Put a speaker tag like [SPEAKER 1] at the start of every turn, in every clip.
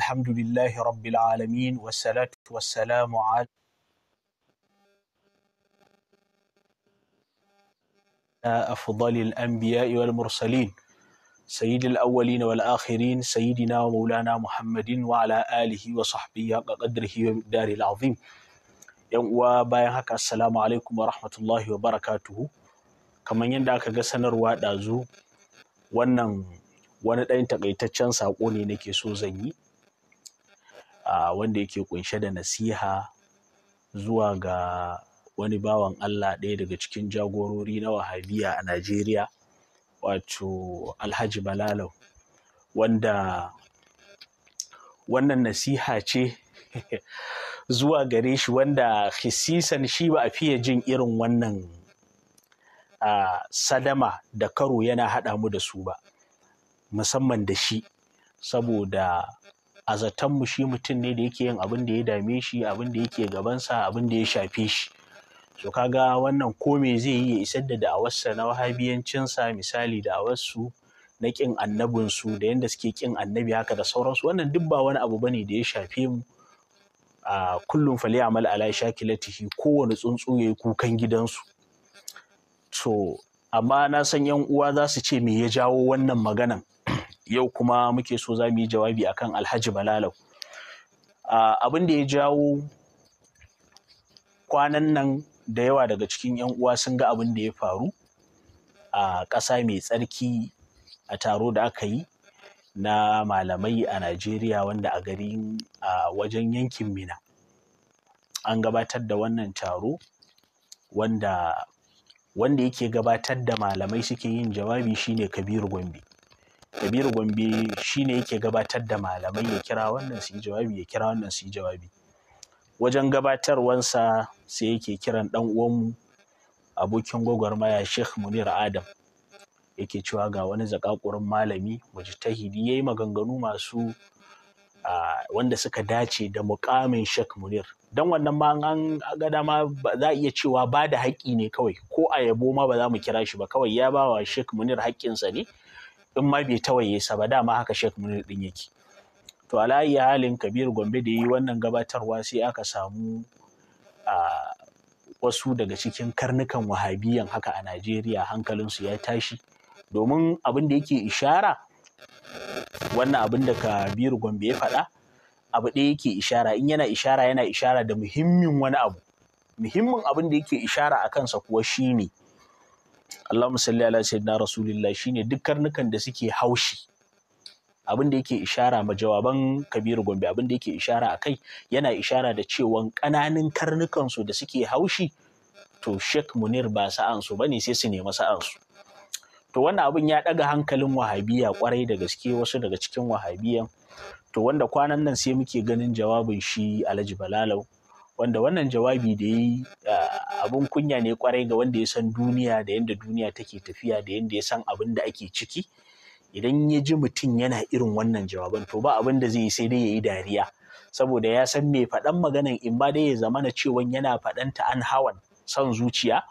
[SPEAKER 1] الحمد لله رب العالمين والصلاة والسلام على أفضل الأنبياء والمرسلين سيد الأولين والآخرين سيدنا ومولانا محمد وعلى آله وصحبه قدره ومقدار العظيم وبايان هكا السلام عليكم ورحمة الله وبركاته كما يندعك قسنر وادازو wannan wani ɗan takaitaccen saƙo ne nake so zan yi wanda yake kunshe da nasiha zuwa ga wani bawan Allah ɗaya daga cikin jagorori na wahabiya a Najeriya wato Alhaji Balalau wanda wannan nasiha ce zuwa gare shi wanda hisisan shi ba a fiye jin irin wannan sadama da karo yana haɗa mu da su ba musamman da shi saboda a zaton mu shi mutum ne da yake yin abin da ya dame shi abin da yake gabansa abin da ya shafe shi so kaga wannan ko me zai yi ya isar da da'awarsa na wahabiyancinsa misali da'awarsu na ƙin annabinsu da yanda suke kin annabi haka da sauransu wannan duk ba wani abu bane da ya shafe mu a kullum fali amal ala shakilatihi kowane tsuntsu ya yi kukan gidansu so amma na san yan uwa za su ce me ya jawo wannan maganan yau kuma muke so za mu yi jawabi akan alhaji balalau abin da ya jawo kwanan nan da yawa daga cikin 'yan uwa sun ga abin da ya faru a ƙasa mai tsarki a taro da aka yi na malamai a najeriya wanda a gari a wajen yankin mina an gabatar da wannan taro wanda wanda yake gabatar da malamai suke yin jawabi shine kabiru gombe Kabiru Gombe shi shine yake gabatar da malamai ya kira wannan su yi jawabi ya kira wannan su yi jawabi. Wajen gabatarwansa sai yake kiran ɗan uwanmu abokin gwagwarmaya Sheikh Munir Adam yake cewa ga wani zakakurin malami ya yayi maganganu masu wanda suka dace da mukamin Sheikh Munir dan wannan ma an ga dama za iya cewa ba da haƙƙi ne kawai ko a yabo ma ba za mu kira shi ba kawai ya ba wa Sheikh Munir haƙƙinsa ne in ma bai tawaye sa ba dama haka Sheikh Munir din yake to alayi halin Kabir Gombe da yi wannan gabatarwa sai aka samu a wasu daga cikin karnukan wahabiyan haka a Najeriya hankalinsu ya tashi domin abin da yake ishara wannan abin da Kabir Gombe ya faɗa abu ɗaya yake ishara in yana ishara yana ishara da muhimmin wani abu muhimmin abin da yake ishara a kansa kuwa shine Allahumma salli ala sayyidina rasulillah shine duk karnukan da suke haushi abin da yake ishara ma jawaban kabiru gombe abin da yake ishara a kai yana ishara da cewan karnukan karnukansu da suke haushi to sheikh munir ba sa'ansu ba ne sai su nemi sa'ansu to wannan abin ya daga hankalin wahabiya kwarai da gaske wasu daga cikin wahabiyan to wanda kwanan nan sai muke ganin jawabin shi alhaji balalau wanda wannan jawabi da yi abin kunya ne kwarai ga wanda ya san duniya da yadda duniya take tafiya da yadda ya san abin da ake ciki idan ya ji mutum yana irin wannan jawaban to ba abin da zai yi sai dai ya yi dariya saboda ya san mai faɗan maganan in ba dai ya zamana cewa yana faɗan ta an hawan son zuciya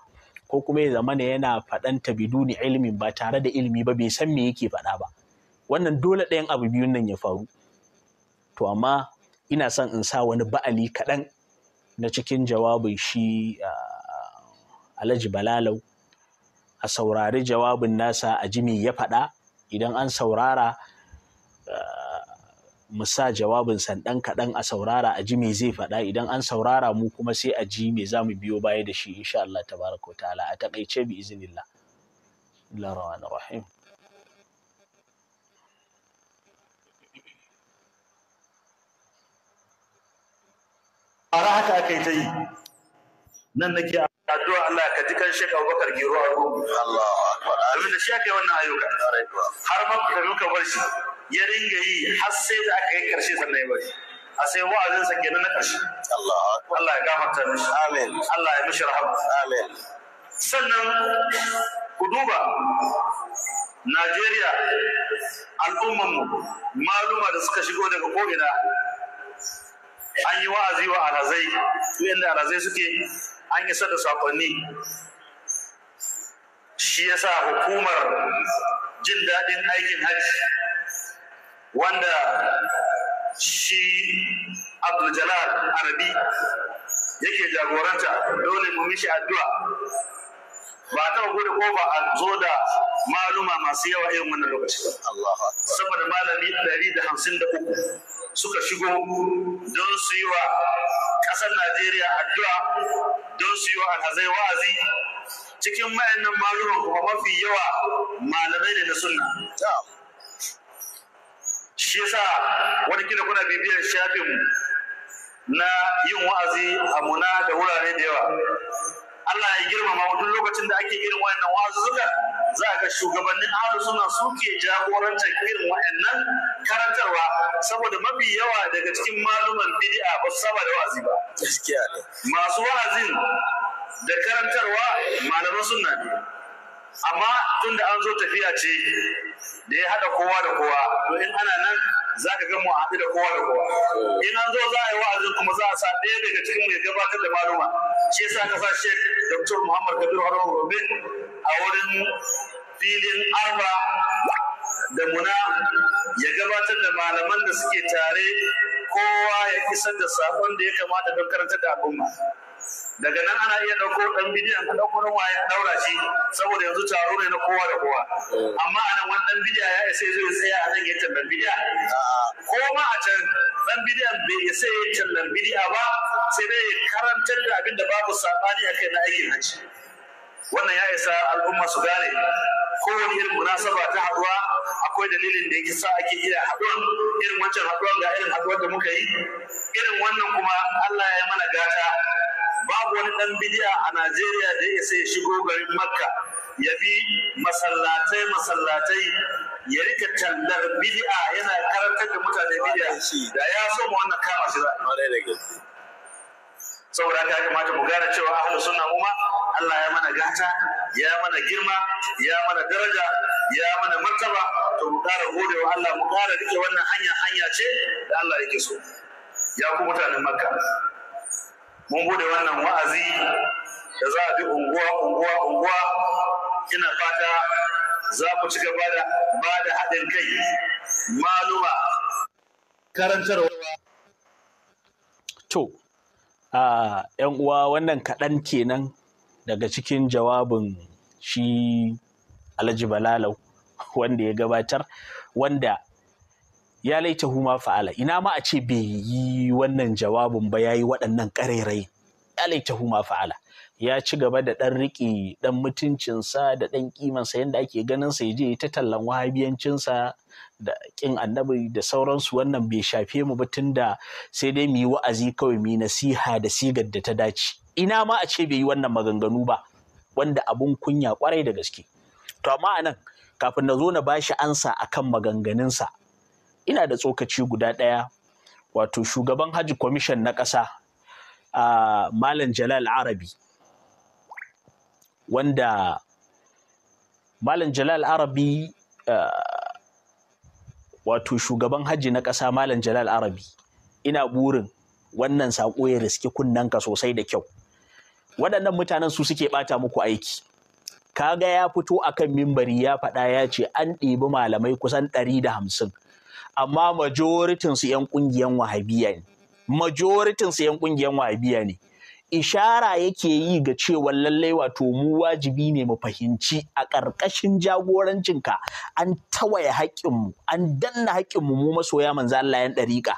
[SPEAKER 1] ko kuma ya zamana yana faɗan faɗanta biduni ilimin ba tare da ilimi ba bai san me yake faɗa ba wannan dole ɗayan abu biyun nan ya faru to amma ina son in sa wani ba'ali kaɗan na cikin jawabin shi alhaji balalau a saurari jawabin nasa a jimi ya faɗa idan an saurara mu sa jawabin ɗan kaɗan a saurara a jimi zai faɗa idan an saurara mu kuma sai a ji me za mu biyo baya da shi insha Allah tabaraka wa ta'ala a taƙaice bi iznillah Allah rahim
[SPEAKER 2] ara haka aka yi ta yi nan nake addu'a Allah ka ji kan Sheikh Abubakar Giro Abu Allahu akbar abin da shi aka yi wannan ayyuka har ma ku tafi ka bar shi ya ringa yi har sai da aka yi karshe sannan ya bari a sai wa'azin sa kenan na karshe Allah Allah ya gafarta mishi amin Allah ya mishi rahama amin sannan ku duba Najeriya al'ummar mu maluma da suka shigo daga ko'ina an yi wa'azi wa arazai su inda alhazai suke an isa da sakonni shi yasa hukumar jin daɗin aikin hajji wanda shi abdul-jalal arabi yake jagoranta dole mu mishi addu'a ba ta gode ko ba a zo da maluma masu yawa irin wannan lokaci ba saboda malami 153 suka shigo don su yi wa ƙasar najeriya addu'a don su yi wa alhazai wa'azi cikin ma'aikatan maluman kuma mafi yawa malamai ne na suna. shi yasa wani kila kuna bibiyar shafin na yin wa'azi a muna da wurare da yawa Allah ya girmama wajen lokacin da ake irin wa'annan wazuzzuka za ka shugabannin ahlus sunna suke jagorantar irin wa'annan karantarwa saboda mafi yawa daga cikin maluman bid'a ba su saba da wa'azi ba gaskiya ne masu wa'azin da karantarwa malaman sunna ne amma tunda an zo tafiya ce da ya haɗa kowa da kowa to in ana nan za ka gama haɗu da kowa da kowa in an zo za a yi wa'azin kuma za a sa ɗaya daga cikin mai gabatar da maluma shi yasa ka sa shek Dr. Muhammad Kabir Haro Gobe a wurin filin Arba da Muna ya gabatar da malaman da suke tare kowa ya isar da sakon da ya kamata don karantar da al'umma daga nan ana iya ɗauko ɗan bidiyan ka ɗauko ɗan waye ɗaura shi saboda yanzu taro ne na kowa da kowa amma a nan wani ɗan bidiya ya isa ya zo ya tsaya a nan ya tallar bidiya ko ma a can ɗan bidiyan bai isa ya tallar bidiya ba sai dai ya karantar da abin da babu saɓani a kai na aikin hajji wannan ya isa al'umma su gane kowane irin munasaba ta haɗuwa akwai dalilin da yake sa ake iya haɗuwan irin wancan haɗuwa ga irin haɗuwar da muka yi irin wannan kuma Allah ya mana gata babu wani ɗan bidiya a Najeriya da ya sai shigo garin Makka ya bi masallatai masallatai ya rika tallar bidiya yana karantar da mutane bidi'a da ya so mu wannan kama shi za saboda haka ya kamata mu gane cewa ahlu sunna ma Allah ya mana gata ya mana girma ya mana daraja ya mana martaba to mu kara godewa Allah mu kara rike wannan hanya hanya ce da Allah yake so ya ku mutanen Makka mun bude wannan wa'azi da za a bi unguwa unguwa unguwa ina fata za ku ci gaba da ba da haɗin kai maluma karantarwa
[SPEAKER 1] to a yan uwa wannan kaɗan kenan daga cikin jawabin shi alhaji balalau wanda ya gabatar wanda ya laita huma fa'ala ina ma a ce bai yi wannan jawabin ba ya yi waɗannan ƙarerai ya laita huma fa'ala ya ci gaba da ɗan riƙe ɗan mutuncinsa da ɗan ƙimansa yadda ake ganin sa je ta tallan wahabiyancinsa da ƙin annabi da sauransu wannan bai shafe mu ba da sai dai mu yi wa'azi kawai mu nasiha da sigar da ta dace ina ma a ce bai yi wannan maganganu ba wanda abun kunya kwarai da gaske to amma anan kafin na zo na bashi ansa a kan maganganunsa ina da tsokaci guda ɗaya wato shugaban Haji kwamishan na ƙasa a ah, Malam Jalal Arabi wanda malam jalal arabi eh, wato shugaban hajji na ƙasa malam jalal arabi ina burin wannan saƙo ya riski ka sosai da kyau waɗannan mutanen su suke ɓata muku aiki kaga ya fito a kan mimbari ya faɗa ya ce an ɗebi malamai kusan ɗari da hamsin amma majoritinsu 'yan ƙungiyan wahabiya ne Majoritinsu 'yan ƙungiyan wahabiya ne ishara yake yi ga cewa lallai wato mu wajibi ne mu fahimci a ƙarƙashin jagorancinka an tawaye haƙƙinmu an danna haƙƙinmu mu masoya manzo Allah yan ɗariƙa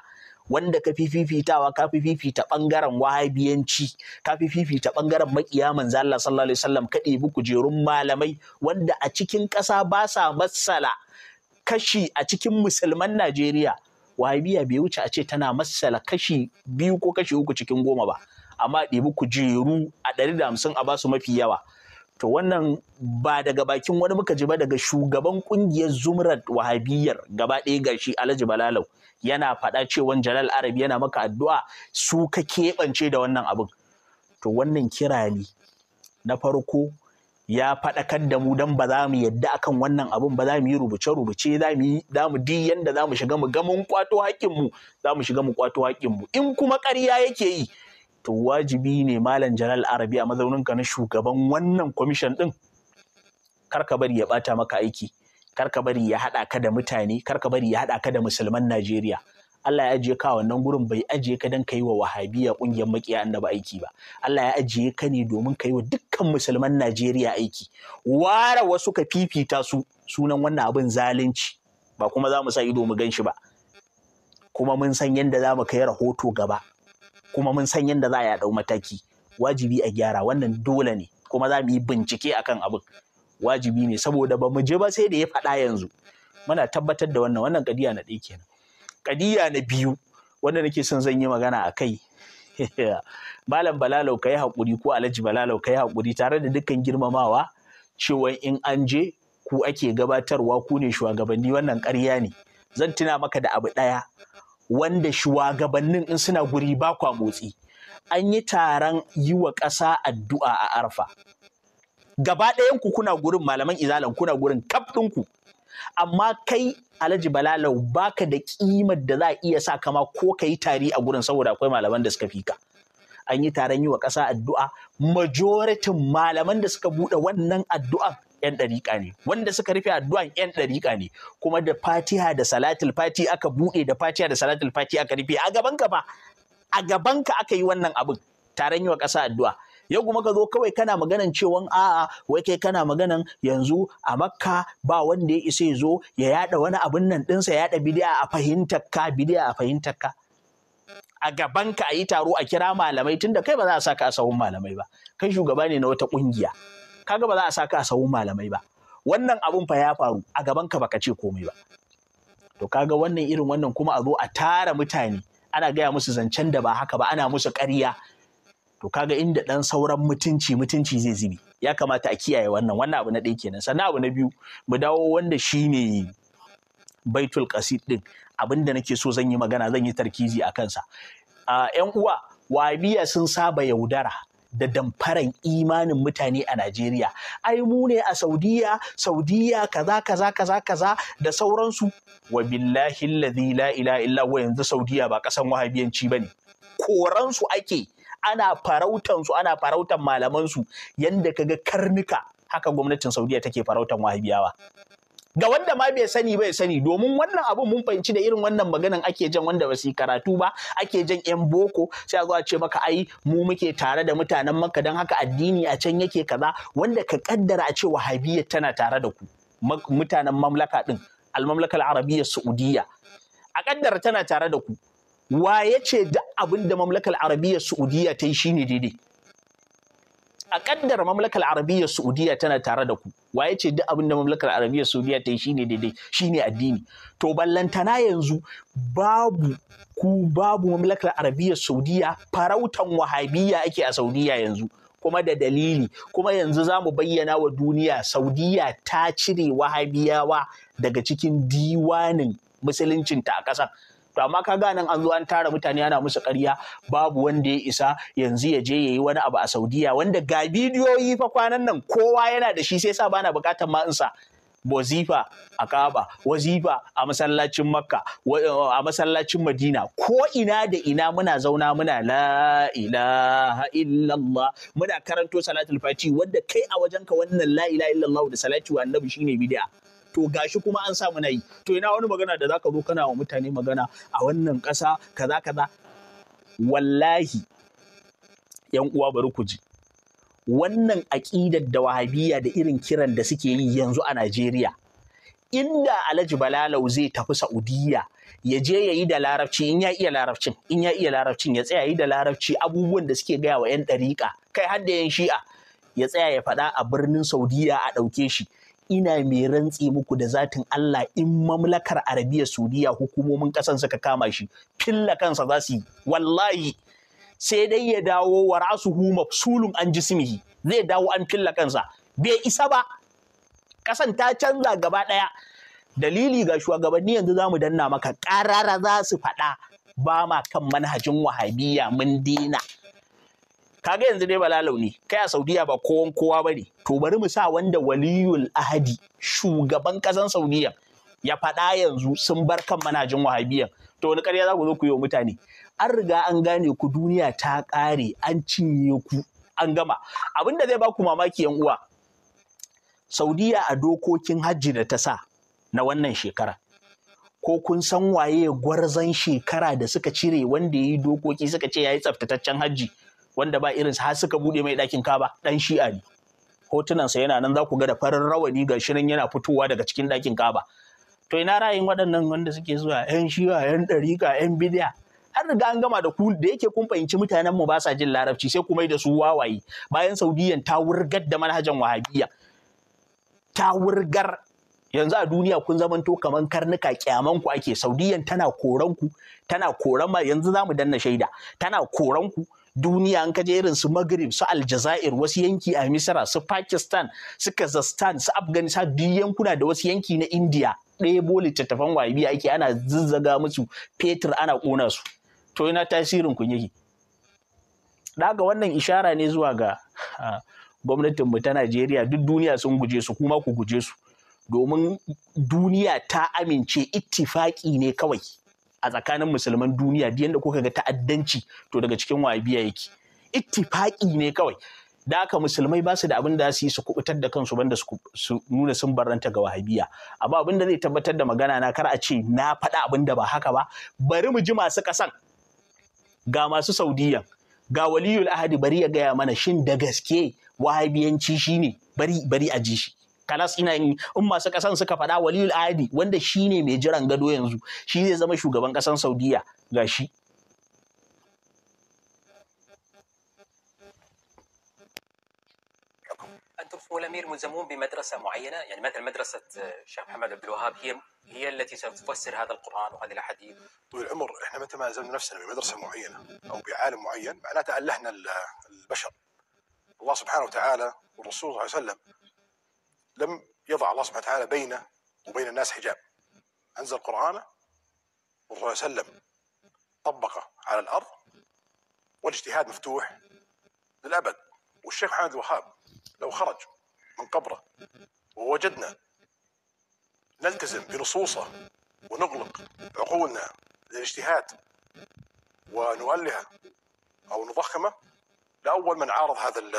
[SPEAKER 1] wanda ka fi fifitawa ka fi fifita ɓangaren wahabiyanci ka fi fifita ɓangaren makiya manzo Allah sallallahu alaihi wasallam ka ɗebi kujerun malamai wanda a cikin ƙasa ba sa matsala kashi a cikin musulman Najeriya wahabiya bai wuce a ce tana matsala kashi biyu ko kashi uku cikin goma ba amma ɗebi kujeru a ɗari da hamsin a basu mafi yawa to wannan ba daga bakin wani muka ji ba daga shugaban kungiyar zumrat wahabiyar gaba ɗaya ga shi alhaji balalau yana faɗa cewan jalal arabi yana maka addu'a su ka keɓance da wannan abin to wannan kira ne na farko ya faɗakar da mu don ba za mu yadda akan wannan abin ba za mu yi rubuce-rubuce za mu yi za mu di yanda za mu shiga mu ga mun kwato mu. za mu shiga mu kwato mu in kuma ƙarya yake yi to wajibi ne malam jalal arabi a mazauninka na shugaban wannan kwamishin ɗin kar ka bari ya bata maka aiki kar ka bari ya haɗa ka da mutane kar ka bari ya haɗa ka da musulman najeriya Allah ya ajiye ka wannan gurin bai ajiye ka don ka yi wa wahabiya ƙungiyar makiya annaba aiki ba Allah ya ajiye ka ne domin ka yi wa dukkan musulman Najeriya aiki Wara wasu ka fifita su sunan wannan abin zalunci ba kuma za mu sa ido mu gan shi ba kuma mun san yadda za mu kai rahoto gaba kuma mun san yadda za a dau mataki wajibi a gyara wannan dole ne kuma za mu yi bincike akan abin wajibi ne saboda ba mu je ba sai da ya faɗa yanzu muna tabbatar da wannan wannan kadiya na ɗaya kenan kadiya na biyu wanda nake son zan yi magana a kai malam balalau ka yi haƙuri ko alhaji balalau ka yi haƙuri tare da dukkan girmamawa cewa in an je ku ake gabatarwa ku ne shugabanni wannan ƙarya ne zan tuna maka da abu ɗaya wanda shugabannin in suna guri ba kwa motsi an yi taron yi wa ƙasa addu'a a arfa gaba ɗayanku kuna gurin malaman izalan kuna gurin kaf ku amma kai alhaji balalau baka da ƙimar da za a iya sa kama ko ka yi tari a gurin saboda akwai malaman da suka fi ka an yi taron yi wa ƙasa addu'a majoritin malaman da suka buɗe wannan addu'ar? 'yan ɗariƙa ne wanda suka rufe addu'an 'yan ɗariƙa ne kuma da fatiha da salatul fati aka buɗe da fatiha da salatul fati aka rufe a gaban ka fa a gaban ka aka yi wannan abin taron yi wa ƙasa addu'a yau kuma ka zo kawai kana maganan cewan a'a wai kai kana maganan yanzu a makka ba wanda ya isa ya zo ya yaɗa wani abin nan ɗinsa ya yaɗa bidiya a fahimtar ka bidiya a fahimtar ka a gaban ka a yi taro a kira malamai tunda kai ba za a saka a sahun malamai ba kai shugaba ne na wata ƙungiya kaga ba za a saka a sawun malamai ba wannan abun fa ya faru a gaban ka baka ce komai ba to kaga wannan irin wannan kuma a zo a tara mutane ana gaya musu zancen da ba haka ba ana musu ƙarya to kaga inda ɗan sauran mutunci mutunci zai zubi ya kamata a kiyaye wannan wannan abu na ɗaya kenan sannan abu na biyu mu dawo wanda shine baitul qasid din abinda nake so zan yi magana zan yi tarkizi a kansa yan uwa wabiya sun saba yaudara da damfaran imanin mutane a Najeriya. Ai mu ne a Saudiya, Saudiya kaza kaza kaza kaza da sauransu. Wa billahi alladhi la ila illa wa yanzu Saudiya ba kasan wahabiyanci bane. Koransu ake ana farautan su ana farautan malaman su yanda kaga karnuka haka gwamnatin Saudiya take farautan wahabiyawa. ga wanda ma bai sani bai sani domin wannan abun mun fahimci da irin wannan maganan ake jan wanda ba su karatu ba ake jan yan boko sai a zo a ce maka ai mu muke tare da mutanen makka don haka addini a can yake kaza wanda ka kaddara a ce wahabiyyat tana tare da ku mutanen mamlaka din almamlaka arabiyya saudiyya a kaddara tana tare da ku wa ya ce duk abin da mamlakar arabiyya saudiyya ta yi shine daidai a kaddara mamlakar arabiyyar saudiya tana tare da ku waye ce duk abin da mamlakar arabiyyar saudiya ta yi shine daidai shine addini to ballantana yanzu babu ku babu mamlakar arabiyyar saudiya farautan wahabiyya ake a saudiya yanzu kuma da dalili kuma yanzu za mu bayyana wa duniya saudiya ta cire wahabiyawa daga cikin diwanin musuluncinta a ƙasar to amma ka nan an zo an tara mutane ana musu ƙarya babu wanda ya isa yanzu ya je yayi wani abu a Saudiya wanda ga bidiyoyi fa kwanan nan kowa yana da shi sai sa bana bukatar ma insa wazifa a Kaaba wazifa a masallacin Makka eh, a masallacin Madina ko ina da ina muna zauna muna la ilaha illallah muna karanto salatul fati wanda kai a wajenka wannan la ilaha illallah da salatu wa annabi shine bid'a to gashi kuma an samu na yi to ina wani magana da zaka zo kana wa mutane magana a wannan ƙasa kaza kaza wallahi yan uwa bari ku ji wannan aƙidar da wahabiyya da irin kiran da suke yi yanzu a Najeriya inda Alhaji Balalau zai tafi Saudiya ya je ya yi da larabci in ya iya larabcin in ya iya larabcin ya tsaya yi da larabci abubuwan da suke gaya wa 'yan ɗariƙa kai har da 'yan shi'a ya tsaya ya faɗa a birnin Saudiya a ɗauke shi ina mai rantsi muku da zatin Allah in mamlakar Arabiya Saudiya hukumomin ƙasan suka kama shi filla kansa za su yi wallahi sai dai ya dawo wa rasu-huma mafsulun an jismihi zai dawo an filla kansa bai isa ba ƙasan ta canza gaba ɗaya dalili ga shugabanni yanzu za mu danna maka ƙarara za su faɗa ba ma kan manhajin wahabiyya mun dina kaga yanzu dai bala launi kai a saudiya ba kowan kowa ba ne to bari mu sa wanda waliyul ahadi shugaban kasan saudiya ya faɗa yanzu sun bar kan manajin wahabiyan to wani ƙarya za ku zo ku yi wa mutane an riga an gane ku duniya ta ƙare an cinye ku an gama abin da zai ba ku mamaki yan uwa saudiya a dokokin hajji da ta sa na wannan shekara ko kun san waye gwarzon shekara da suka cire wanda ya yi dokoki suka ce ya yi tsaftataccen hajji wanda ba irin har suka bude mai ɗakin kaba ɗan shi'a ne hotunansa yana nan za ku ga da farin rawani ga shirin yana fitowa daga cikin ɗakin kaba to ina ra'ayin waɗannan wanda suke zuwa yan shi'a yan ɗariƙa yan bidiya Har riga an gama da ku da yake kun fahimci mutanen mu ba sa jin larabci sai ku mai da su wawaye bayan saudiyan ta wurgar da manhajan wahabiyya ta wurgar yanzu a duniya kun zamanto kaman karnuka kyaman ku ake saudiyan tana koranku ku tana koran ma yanzu za mu danna shaida tana koran ku duniya an kaje irin su Maghrib su Aljazair wasu yanki a Misra su Pakistan su Kazakhstan su Afghanistan duk yankuna da wasu yanki na India ɗebo littattafan wahabiya ake ana zazzaga musu fetur ana ƙona su to ina tasirin kun yake daga wannan ishara ne zuwa ga mu ta Najeriya duk duniya sun guje su kuma ku guje su domin duniya ta amince ittifaki ne kawai a tsakanin musulman duniya duk yadda kuka ga ta'addanci to daga cikin wahabiya yake ittifaqi ne kawai da haka musulmai ba su da abin da su yi su kubutar da kansu banda su nuna sun barranta ga wahabiya amma abin da zai tabbatar da magana na kar a ce na faɗa abin da ba haka ba bari mu ji masu kasan. ga masu saudiya ga waliyul ahadi bari ya gaya mana shin da gaske wahabiyanci shine bari bari a ji shi kalas ina in masu ƙasan suka fada walil adi wanda shine mai jiran gado yanzu shi zai zama shugaban ƙasan saudiya gashi
[SPEAKER 3] الامير ملزمون بمدرسه معينه يعني مثلا مدرسه آه، الشيخ محمد عبد الوهاب هي هي التي ستفسر هذا القران وهذه الاحاديث طول العمر احنا متى ما زلنا نفسنا بمدرسه معينه او بعالم معين معناته الهنا البشر الله سبحانه وتعالى والرسول صلى الله عليه وسلم لم يضع الله سبحانه وتعالى بينه وبين الناس حجاب أنزل قرآنه والرسول صلى الله عليه وسلم طبقه على الأرض والاجتهاد مفتوح للأبد والشيخ محمد الوهاب لو خرج من قبره ووجدنا نلتزم بنصوصه ونغلق عقولنا للاجتهاد ونؤلهه أو نضخمه لأول من عارض هذا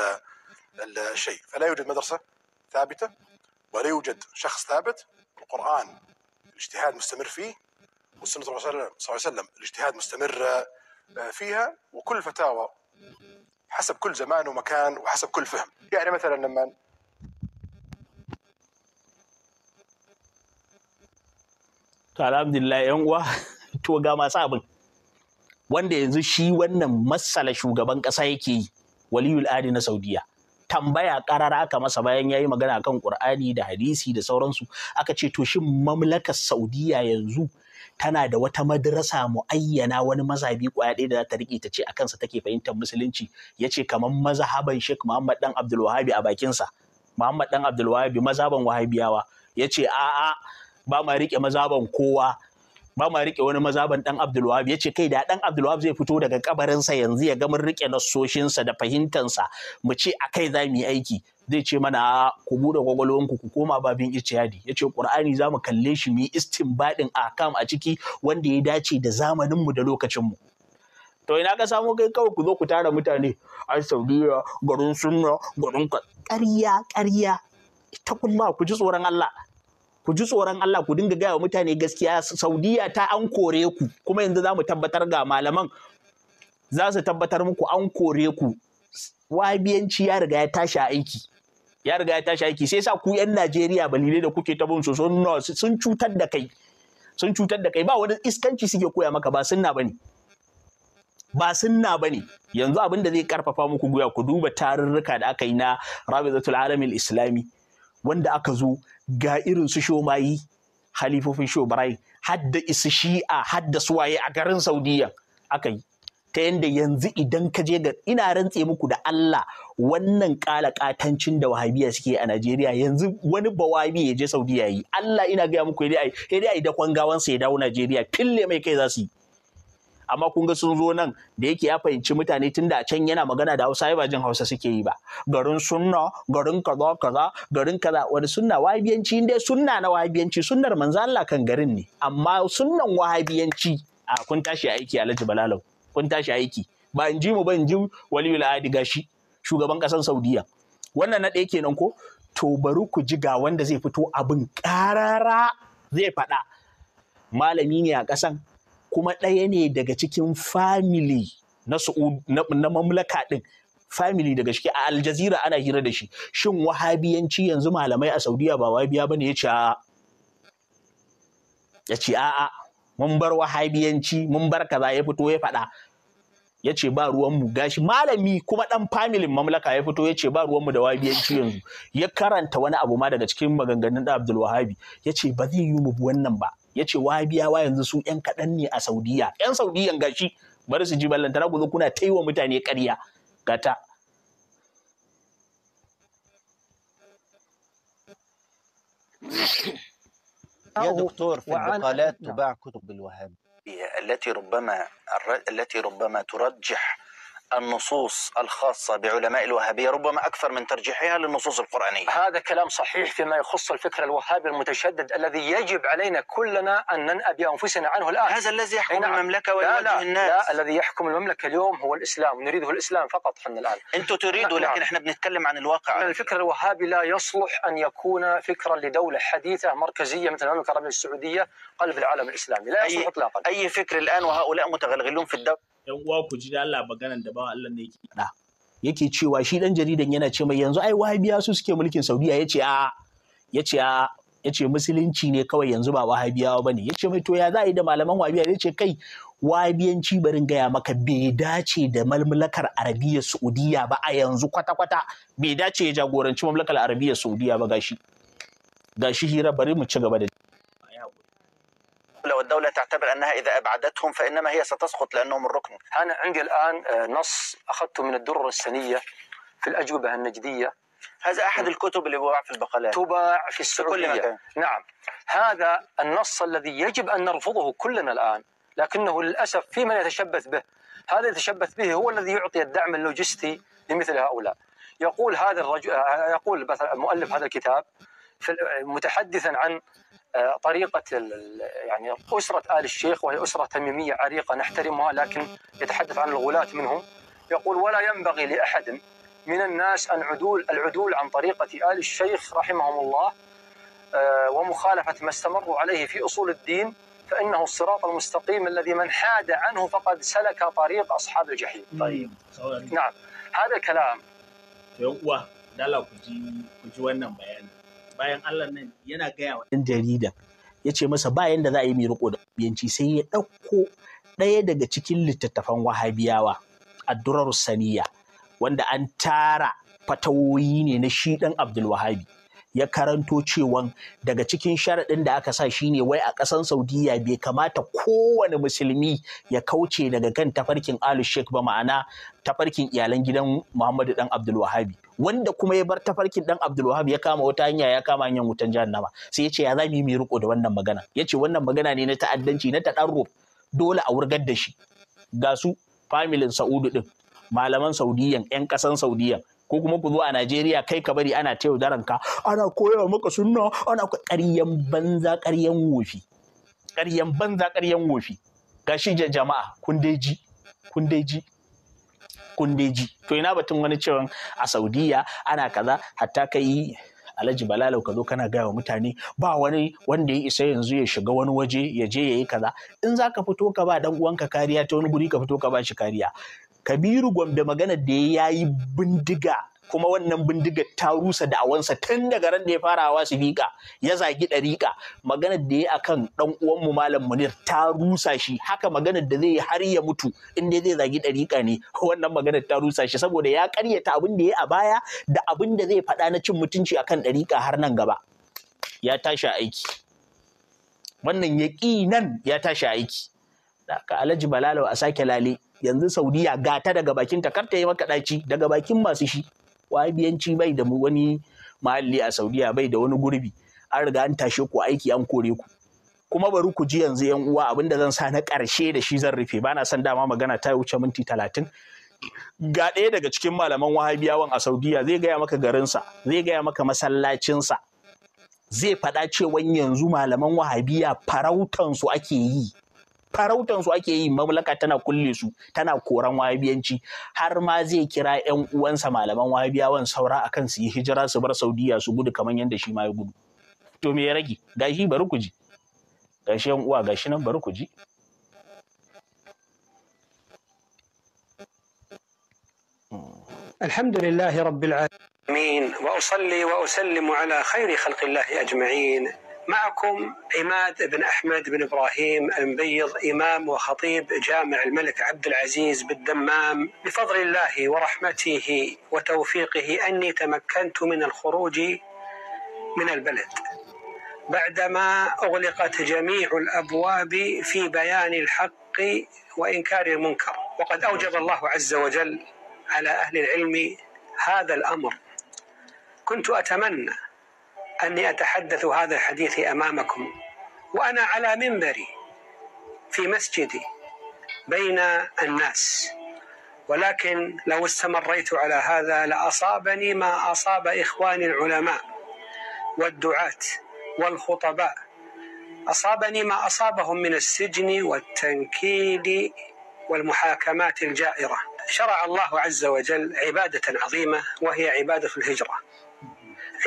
[SPEAKER 3] الشيء فلا يوجد مدرسة ثابتة ولا يوجد شخص ثابت القرآن الاجتهاد مستمر فيه والسنة صلى الله عليه وسلم الاجتهاد مستمر آه، فيها وكل فتاوى حسب كل زمان ومكان وحسب كل فهم يعني مثلا لما
[SPEAKER 1] to عبد الله ينوى تو ga masu abin wanda yanzu shi wannan matsala shugaban ƙasa yake yi waliyul adi na saudiya tambaya karara aka masa bayan ya yi magana kan Qur'ani da hadisi da sauransu aka ce to shin mamlakar Saudiya yanzu tana da wata madrasa ayyana wani mazhabi kwaya ɗaya da za ta riƙe ta ce a kansa take fahimtar musulunci ya ce kamar mazhaban Sheikh Muhammad dan Abdul Wahabi a bakinsa Muhammad dan Abdul Wahabi mazhaban Wahabiyawa ya ce a'a ba ma riƙe mazhaban kowa ba ma rike wani mazaban dan Abdulwahab ya ce kai da dan Abdulwahab zai fito daga kabarin sa yanzu ya ga mun rike nassoshinsa da fahimtansa mu ce a kai za mu yi aiki zai ce mana ku bude gwagwalwanku ku ku koma babin ijtihadi ya ce qur'ani za mu kalle shi mu yi istinbadin akam a ciki wanda ya dace da zamanin mu da lokacinmu to ina ka samu kai kawai ku zo ku tara mutane ai saudiya garin sunna garin ƙarya ƙarya ita kuma ku ji tsoron Allah ku ji tsoron Allah ku dinga gaya wa mutane gaskiya Saudiya ta an kore ku kuma yanzu za mu tabbatar ga malaman za su tabbatar muku an kore ku wabiyanci ya riga ya tashi aiki ya riga ya tashi aiki sai sa ku yan Najeriya balile da kuke ta su sun sun cutar da kai sun cutar da kai ba wani iskanci suke koya maka ba sunna bane ba sunna bane yanzu abin da zai karfafa muku guya ku duba tarurruka da aka yi na Rabizatul Alamil Islami wanda aka zo ga irin su shomayi halifofin shobarai hadda isu shi'a hadda suwaye a garin saudiya aka yi ta yadda yanzu idan ka je ga ina rantse muku da Allah wannan kala katancin da wahabiya suke a Najeriya yanzu wani bawabi ya je Saudiya yi Allah ina gaya muku ya dai ai da kwangawansa ya dawo Najeriya fille mai kai za su yi amma kun ga sun zo nan da yake ya fahimci mutane tun da can yana magana da Hausa ba jin Hausa suke yi ba garin sunna garin kaza kaza garin kaza wani sunna wahabiyanci dai sunna na wahabiyanci sunnar manzo Allah kan garin ne amma sunnan wahabiyanci a kun tashi aiki Alhaji Balalau kun tashi aiki ba in ji mu ba in ji Waliyul Adi gashi shugaban kasar Saudiya wannan na ɗaya kenan ko to bari ku ji ga wanda zai fito abin karara zai faɗa malami ne a ƙasan kuma ɗaya ne daga cikin family na, mamlaka ɗin family daga shi a aljazira ana hira da shi shin wahabiyanci yanzu malamai a saudiya ba wahabiya ne ya ce a'a ya ce a'a mun bar wahabiyanci mun bar kaza ya fito ya faɗa ya ce ba ruwanmu gashi malami kuma ɗan familin mamlaka ya fito ya ce ba ruwanmu da wahabiyanci yanzu ya karanta wani abu ma daga cikin maganganun da abdul wahabi ya ce ba zai yi mu wannan ba yace ya biya wahabiyawa yanzu su ‘yan kadan ne a saudiya ‘yan saudiyan gashi bari su ji ballantana ku zo kuna taiwa mutane ƙarya gata
[SPEAKER 3] يا دكتور في المقالات تباع كتب الوهاب التي ربما التي ربما ترجح النصوص الخاصة بعلماء الوهابية ربما أكثر من ترجيحها للنصوص القرآنية هذا كلام صحيح فيما يخص الفكر الوهابي المتشدد الذي يجب علينا كلنا أن ننأى بأنفسنا عنه الآن هذا الذي يحكم نعم. المملكة ويواجه لا الناس لا الذي يحكم المملكة اليوم هو الإسلام نريده الإسلام فقط حنا الآن أنتم تريدوا نعم. لكن احنا بنتكلم عن الواقع الفكر الوهابي لا يصلح أن يكون فكرا لدولة حديثة مركزية مثل المملكة العربية السعودية قلب العالم الإسلامي لا يصلح أي... إطلاقا أي فكر الآن
[SPEAKER 1] وهؤلاء متغلغلون في الدولة yan uwa ku ji da Allah maganan da ba Allah ne yake faɗa yake cewa shi dan jaridan yana ce mai yanzu ai wahabiya su suke mulkin Saudiya yace a yace a yace musulunci ne kawai yanzu ba wahabiyawa ne yace mai to ya za a yi da malaman wahabiya yace kai wahabiyanci barin gaya maka bai dace da mulmulakar arabiya saudiya ba a yanzu kwata-kwata bai dace ya jagoranci mamlakar arabiya saudiya ba gashi gashi hira bari mu ci gaba da
[SPEAKER 3] لو الدولة تعتبر أنها إذا أبعدتهم فإنما هي ستسقط لأنهم الركن أنا عندي الآن آه، نص أخذته من الدرر السنية في الأجوبة النجدية هذا أحد الكتب اللي بوع في البقالات تباع في السعودية كل مكان. نعم هذا النص الذي يجب أن نرفضه كلنا الآن لكنه للأسف في من يتشبث به هذا يتشبث به هو الذي يعطي الدعم اللوجستي لمثل هؤلاء يقول هذا الرجل آه، يقول مثلا مؤلف هذا الكتاب متحدثا عن طريقة يعني أسرة آل الشيخ وهي أسرة تميمية عريقة نحترمها لكن يتحدث عن الغلاة منهم يقول ولا ينبغي لأحد من الناس أن عدول العدول عن طريقة آل الشيخ رحمهم الله آه، ومخالفة ما استمروا عليه في أصول الدين فإنه الصراط المستقيم الذي من حاد عنه فقد سلك طريق أصحاب الجحيم طيب نعم هذا الكلام
[SPEAKER 1] bayan Allah nan yana gaya wa ɗan jarida ya ce masa bayan da za a yi mai riko da wahabiyanci sai ya ɗauko ɗaya daga cikin littattafan wahabiyawa addurar saniya wanda an tara fatawoyi ne na shi ɗan abdul ya karanto cewan daga cikin sharaɗin da aka sa shi ne wai a ƙasan Saudiyya bai kamata kowane musulmi ya kauce daga kan tafarkin alu sheik ba ma'ana tafarkin iyalan gidan muhammadu ɗan abdul wanda kuma ya bar tafarkin dan Abdul Wahab ya kama wata hanya ya kama hanyar wutan jahannama sai ya ce ya za mu yi mai riko da wannan magana ya ce wannan magana ne na ta'addanci na taɗarro dole a wurgar da shi ga su familin Saudu din malaman Saudiyan ƴan ƙasan Saudiyan ko kuma ku zo a Najeriya kai ka bari ana ta yaudaran ka ana koya maka sunna ana ƙaryan banza ƙaryan wofi ƙaryan banza ƙaryan wofi gashi jama'a kun dai ji kun dai ji kundeji to ina batun wani cewa a saudiya ana kaza hatta yi alhaji balalau ka zo kana gaya wa mutane ba wani wanda ya isa yanzu ya shiga wani waje ya je ya yi kaza in za ka fito ka ba dan uwanka kariya ta wani guri ka fito ka ba shi kariya kabiru gombe maganar da ya yi bindiga kuma wannan bindigar ta rusa da'awansa tun daga ran da ya fara hawa sifika ya zagi ɗariƙa maganar da ya akan ɗan uwanmu malam munir ta rusa shi haka maganar da zai har ya mutu in dai zai zagi ɗariƙa ne wannan maganar ta rusa shi saboda ya ƙaryata abin da ya a baya da abin da zai faɗa na cin mutunci akan ɗariƙa har nan gaba ya tashi aiki wannan ya nan ya tashi aiki da ka alhaji balalau a sake lale yanzu saudiya gata daga bakinta kar ta yi maka ɗaci daga bakin masu shi wahabiyanci bai da wani mahalli a saudiya bai da wani gurbi an riga an tashe ku aiki an kore ku kuma bari ku ji yanzu yan uwa abin da zan sa na ƙarshe da shi zan rufe bana na son dama magana ta wuce minti talatin ga ɗaya daga cikin malaman wahabiyawan a saudiya zai gaya maka garinsa zai gaya maka masallacinsa zai faɗa cewan yanzu malaman wahabiya farautansu ake yi farautan su ake yi mamlaka tana kulle su tana koran wahabiyanci har ma zai kira yan uwansa malaman wahabiyawan saura akan su yi hijira su bar saudiya su gudu kamar yadda shi ma ya gudu to me ya rage gashi bari ku ji gashi yan uwa gashi nan bari ku ji
[SPEAKER 4] الحمد لله رب العالمين واصلي واسلم على خير خلق الله اجمعين معكم عماد بن احمد بن ابراهيم المبيض امام وخطيب جامع الملك عبد العزيز بالدمام بفضل الله ورحمته وتوفيقه اني تمكنت من الخروج من البلد بعدما اغلقت جميع الابواب في بيان الحق وانكار المنكر وقد اوجب الله عز وجل على اهل العلم هذا الامر كنت اتمنى أني أتحدث هذا الحديث أمامكم وأنا على منبري في مسجدي بين الناس ولكن لو استمريت على هذا لأصابني ما أصاب إخواني العلماء والدعاة والخطباء أصابني ما أصابهم من السجن والتنكيل والمحاكمات الجائرة شرع الله عز وجل عبادة عظيمة وهي عبادة الهجرة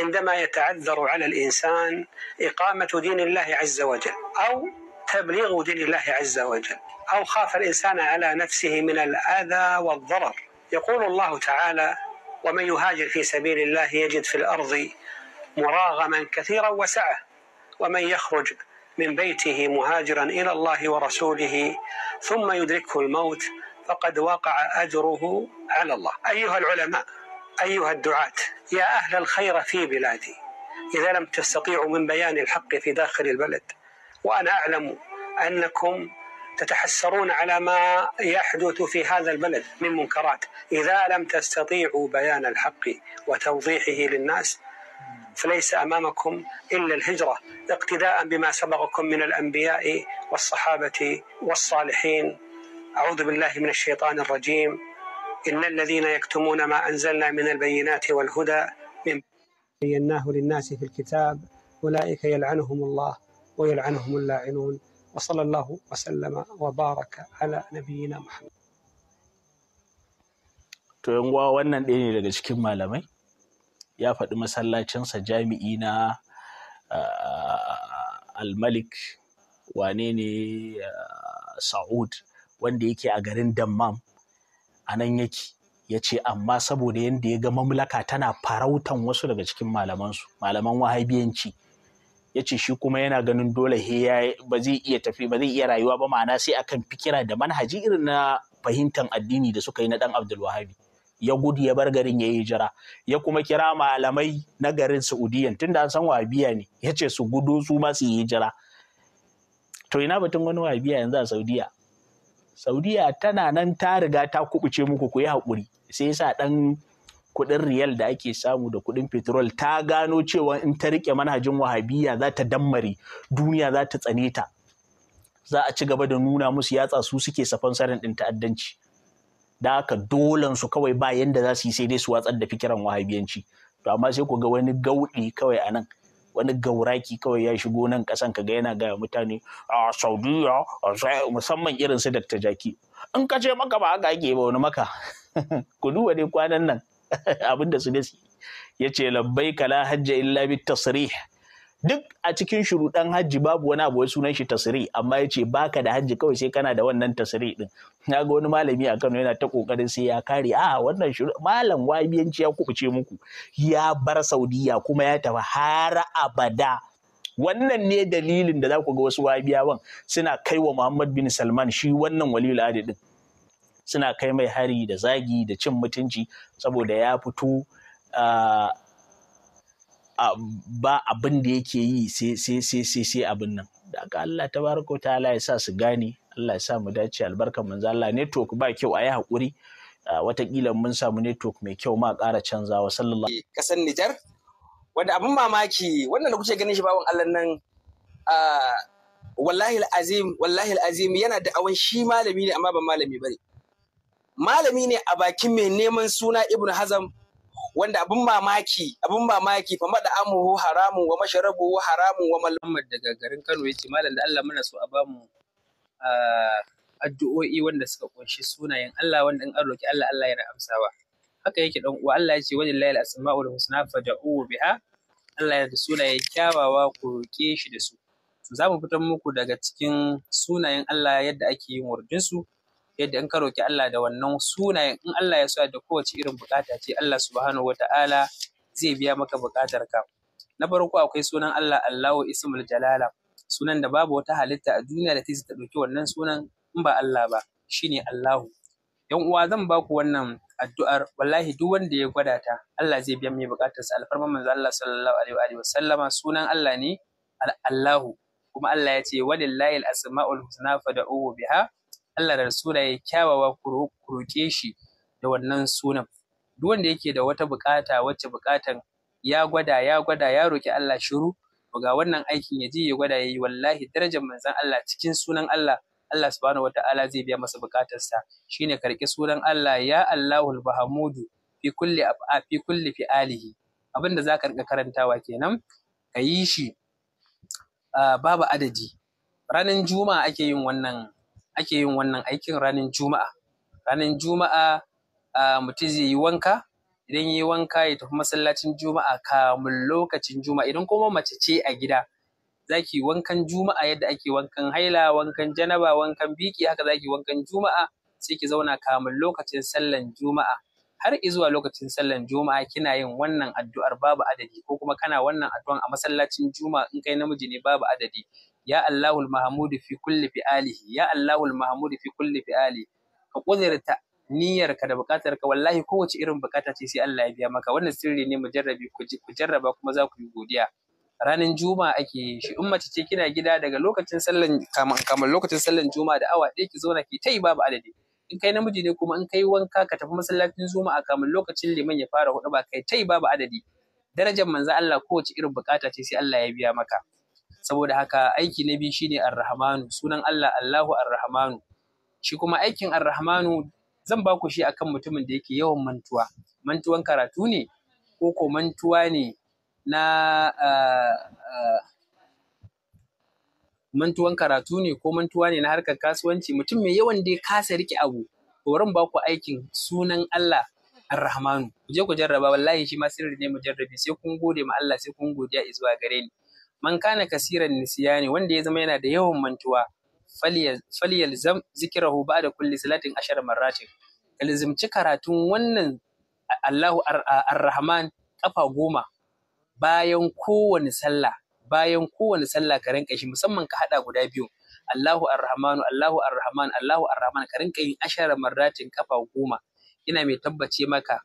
[SPEAKER 4] عندما يتعذر على الإنسان إقامة دين الله عز وجل أو تبليغ دين الله عز وجل أو خاف الإنسان على نفسه من الأذى والضرر يقول الله تعالى ومن يهاجر في سبيل الله يجد في الأرض مراغما كثيرا وسعه ومن يخرج من بيته مهاجرا الى الله ورسوله ثم يدركه الموت فقد وقع اجره على الله ايها العلماء أيها الدعاة يا أهل الخير في بلادي إذا لم تستطيعوا من بيان الحق في داخل البلد وأنا أعلم أنكم تتحسرون على ما يحدث في هذا البلد من منكرات إذا لم تستطيعوا بيان الحق وتوضيحه للناس فليس أمامكم إلا الهجرة اقتداء بما سبقكم من الأنبياء والصحابة والصالحين أعوذ بالله من الشيطان الرجيم إن الذين يكتمون ما أنزلنا من البينات والهدى من بيناه للناس في الكتاب أولئك يلعنهم الله ويلعنهم اللاعنون وصلى الله وسلم وبارك على نبينا محمد
[SPEAKER 1] to wannan ɗaya daga cikin malamai ya faɗi masallacinsa jami'i na almalik wane ne sa'ud wanda yake a garin dammam a nan yake ya ce amma saboda yadda ya ga mamlaka tana farautan wasu daga cikin malamansu malaman wahabiyanci ya ce shi kuma yana ganin dole he ba zai iya tafi ba zai iya rayuwa ba ma'ana sai akan fikira da manhaji irin na fahimtar addini da suka yi na dan abdul ya gudu ya bar garin ya yi jira ya kuma kira malamai na garin saudiyan tunda an san wahabiya ne ya ce su gudu su ma su yi jira to ina batun wani wahabiya yanzu a saudiya saudiya tana nan ta riga ta kubuce muku ku yi haƙuri sai yasa ɗan kuɗin riyal da ake samu da kuɗin petrol ta gano cewa in ta riƙe manhajin wahabiyya za ta dammare duniya za ta tsane ta za a ci gaba da nuna musu yatsa su suke safan sarin ɗin ta'addanci da haka dolan su kawai ba yanda za su yi sai dai su watsar da fikiran wahabiyanci to amma sai ku ga wani gauɗi kawai a nan wani gauraki kawai ya shigo nan kasan kaga yana gaya mutane a saudiya musamman irin su dakta jaki in ka ce maka ba haka ake ba wani maka ku duba dai kwanan nan abinda su ne ya ce labbai kala hajja illa bi tasrih duk a cikin shuruɗan hajji babu wani abu sunan shi tasiri amma ya ce baka da hajji kawai sai kana da wannan tasiri din na ga wani malami a Kano yana ta kokarin sai ya kare a wannan malam wabiyanci ya kubuce muku ya bar Saudiya kuma ya tafi har abada wannan ne dalilin da za ku ga wasu wabiyawan suna kai wa Muhammad bin Salman shi wannan waliyul adi din suna kai mai hari da zagi da cin mutunci saboda ya fito ah, ba abin da yake yi sai sai sai abin nan da aka Allah ta Allah ya sa su gane Allah ya sa mu dace albarkar manzo Allah network ba kyau a yi hakuri watakila mun samu network mai kyau ma ƙara canzawa sallallahu alaihi kasan
[SPEAKER 5] Nijar wanda abin mamaki wannan da kuke ganin shi bawon Allah nan wallahi azim wallahi azim yana da awan shi malami ne amma ba malami bane malami ne a bakin mai neman suna Ibn Hazam wanda abin mamaki abin mamaki fa mada amuhu haramun wa masharabuhu haramun wa malamar daga garin Kano yace malam da Allah muna so a bamu addu'o'i wanda suka kunshi sunayen Allah wanda in arloki roki Allah Allah yana amsawa haka yake dan uwa Allah yace wajin lail asmaul husna fad'u biha Allah ya da ya kyawawa ku roke shi da su za mu fitar muku daga cikin sunayen Allah yadda ake yin wurdinsu su yadda in ka roki Allah da wannan sunayen in Allah ya sa da kowace irin bukata ce Allah subhanahu wata'ala zai biya maka bukatar ka na farko akwai sunan Allah Allahu ismul jalala sunan da babu wata halitta a duniya da ta dauki wannan sunan in ba Allah ba shine Allahu yan uwa zan ba ku wannan addu'ar wallahi duk wanda ya gwada ta Allah zai biya mai sa alfarman manzo Allah sallallahu alaihi wa sallama sunan Allah ne Allahu kuma Allah ya ce walillahi al-asma'ul husna fad'u biha Allah da ya kyawawa ku shi da wannan sunan duk wanda yake da wata bukata wacce bukatan ya gwada ya gwada ya roƙi Allah shiru to ga wannan aikin ya je ya gwada ya yi, wallahi darajar manzon Allah cikin sunan Allah Allah subhanahu wataala zai biya masa bukatarsa shine karki sunan Allah ya Allahul Bahamudu fi kulli fi kulli alihi abinda za ka rika karantawa kenan ka yi shi ah, babu adadi ranar juma'a ake yin wannan ake yin wannan aikin ranar juma'a ranar juma'a mutum zai yi wanka idan yi wanka ya tafi masallacin juma'a kamun lokacin juma'a idan kuma mace ce a gida za ki wankan juma'a yadda ake wankan haila wankan janaba wankan biki haka za ki wankan juma'a sai ki zauna kamun lokacin sallan juma'a har izuwa lokacin sallan juma'a kina yin wannan addu'ar babu adadi ko kuma kana wannan addu'an a masallacin juma'a in kai namiji ne babu adadi يا الله المحمود fi كل fi'alihi ya الله Mahmud fi كل fi'ali ka kudurta niyyarka da والله wallahi kowace irin bukata ce sai Allah ya biya maka wannan sirri ne mu jarrabe kuma za ku yi godiya ranar juma'a ake yin shi in mace ce kina gida daga lokacin sallan kamar lokacin sallan juma'a da awa ɗaya ki zauna ki tai yi babu adadi in kai namiji ne kuma in kai wanka ka tafi masallacin juma'a kamar lokacin liman ya fara hudu ba kai tai babu adadi darajar manzo Allah kowace irin bukata ce sai Allah ya biya maka saboda haka aiki na biyu shine arrahmanu sunan Allah Allahu arrahmanu shi kuma aikin arrahmanu zan ba ku shi akan mutumin da yake yawan mantuwa mantuwan karatu ne ko ko mantuwa ne na mantuwan karatu ne ko mantuwa ne na harkar kasuwanci mutum mai yawan da ya kasa rike abu wurin ba ku aikin sunan Allah arrahmanu ku je ku jarraba wallahi shi ma sirri ne mu jarrabe sai kun gode ma Allah sai kun godiya zuwa gare ni man kana kasiran nisiyani wanda ya zama yana da yawan mantuwa falyalzam zikirahu ba'da kulli salatin ashar marratin kalzimci karatun wannan Allahu Ar-Rahman kafa goma bayan kowane sallah bayan kowane sallah ka rinka shi musamman ka hada guda biyu Allahu Ar-Rahmanu Allahu Ar-Rahman Allahu Ar-Rahman ka rinka yin ashar marratin kafa goma ina mai tabbace maka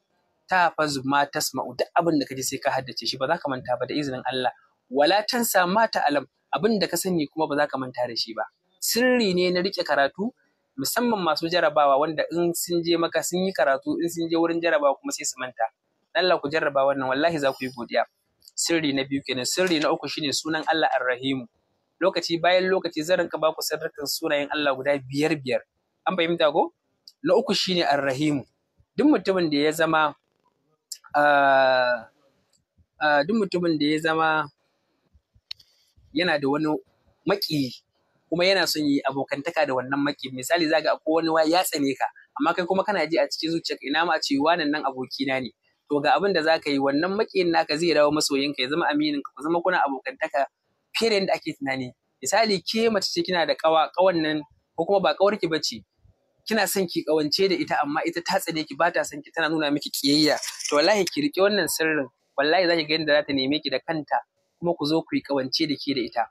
[SPEAKER 5] ta fazu ma tasma'u duk abin da kaji sai ka haddace shi ba za ka manta ba da izinin Allah wala tansa mata alam abin da ka sani kuma ba za ka manta da shi ba sirri ne na rike karatu musamman masu jarabawa wanda in sun je maka sun yi karatu in sun je wurin jarabawa kuma sai su manta Allah ku jarraba wannan wallahi za ku yi godiya sirri na biyu kenan sirri na uku shine sunan Allah Ar-Rahimu lokaci bayan lokaci zan ranka ba ku sunayen Allah guda biyar biyar an fahimta ko na uku shine Ar-Rahimu duk mutumin da ya zama ah, ah, duk mutumin da ya zama yana da wani maki kuma yana son yi abokantaka da wannan maki misali zaga akwai wani ya tsane ka amma kai kuma kana ji a cikin zuciyarka ina ma ce wannan nan abokina ne to ga abin da zaka yi wannan makiyin naka zai dawo masoyinka ya zama aminin ka zama kuna abokantaka fiye da ake tunani misali ke mace ce kina da kawa kawan nan ko kuma ba kawar ki bace kina son ki kawance da ita amma ita ta tsane ki ba ta son ki tana nuna miki kiyayya to wallahi ki rike wannan sirrin wallahi zaki ga yadda za ta neme ki da kanta kuma ku zo ku yi kawance da ke da ita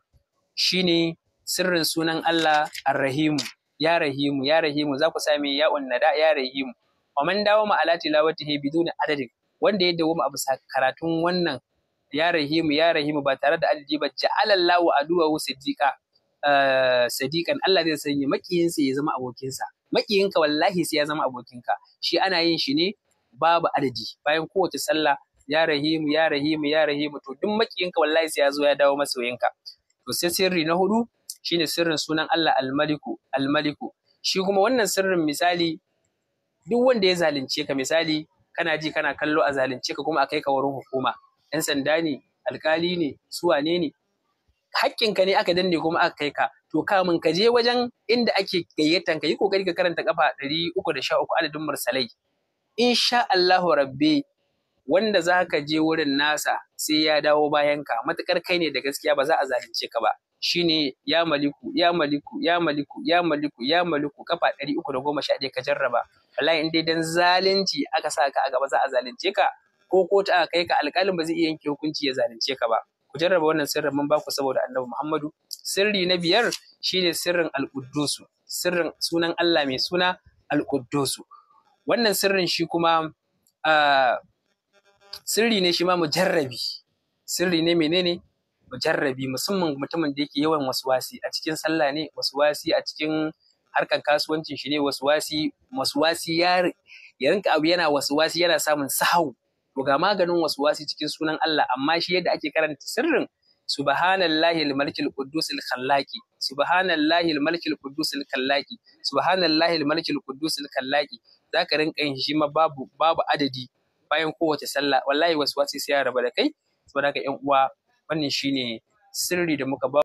[SPEAKER 5] Shi ne sirrin sunan Allah Arrahimu. rahimu ya Rahimu ya Rahimu za ku same ya unnada ya Rahimu wa man dawo ma lawati tilawatihi biduna adadin wanda ya dawo ma abu karatun wannan ya Rahimu ya Rahimu ba tare da adadi ba ja'alallahu aduwahu siddiqa eh, sadiqan Allah zai sanya makiyinsa ya zama abokinsa makiyinka wallahi sai ya zama abokinka shi ana yin shi ne babu adadi bayan kowace sallah ya rahimu ya rahimu ya rahimu to duk makiyinka wallahi sai ya zo ya dawo masoyinka to sai sirri na hudu shine sirrin sunan Allah almaliku almaliku shi kuma wannan sirrin misali duk wanda ya zalunce ka misali kana ji kana kallo a zalunce ka kuma a kai ka wurin hukuma yan sanda ne alkali ne su wane ne hakkinka ne aka danne kuma aka kai ka to kamun ka je wajen inda ake gayyatan ka yi kokari ka karanta kafa 313 adadin mursalai insha Allahu rabbi wanda za ka je wurin nasa sai ya dawo bayan ka, matukar kai ne da gaskiya ba za a zalunce ka ba shine ya maliku ya maliku ya maliku ya maliku ya maliku kafa ɗari uku da goma sha ɗaya ka jarraba wallahi in dai dan zalunci aka sa ka a gaba za a zalunce ka ko kotu aka kai ka alƙalin ba zai iya yanke hukunci ya zalunce ka ba ku jarraba wannan sirrin mun baku saboda annabi Muhammadu sirri na biyar shine sirrin al-Quddusu sirrin sunan Allah mai suna al wannan sirrin shi kuma ah, sirri ne shi ma mujarrabi sirri ne menene mujarrabi musamman mutumin da yake yawan waswasi a cikin sallah ne waswasi a cikin harkar kasuwancin shi ne waswasi waswasi ya ya rinka abu yana waswasi yana samun sahau to ga maganin waswasi cikin sunan Allah amma shi yadda ake karanta sirrin subhanallahi almalikul malikil qudusil subhanallahi almalikul malikil qudusil subhanallahi almalikul malikil qudusil zaka rinka yin shi ma babu babu adadi bayan kowace sallah wallahi wasu wasu sai ya da kai saboda ka yan uwa wannan shine sirri da muka ba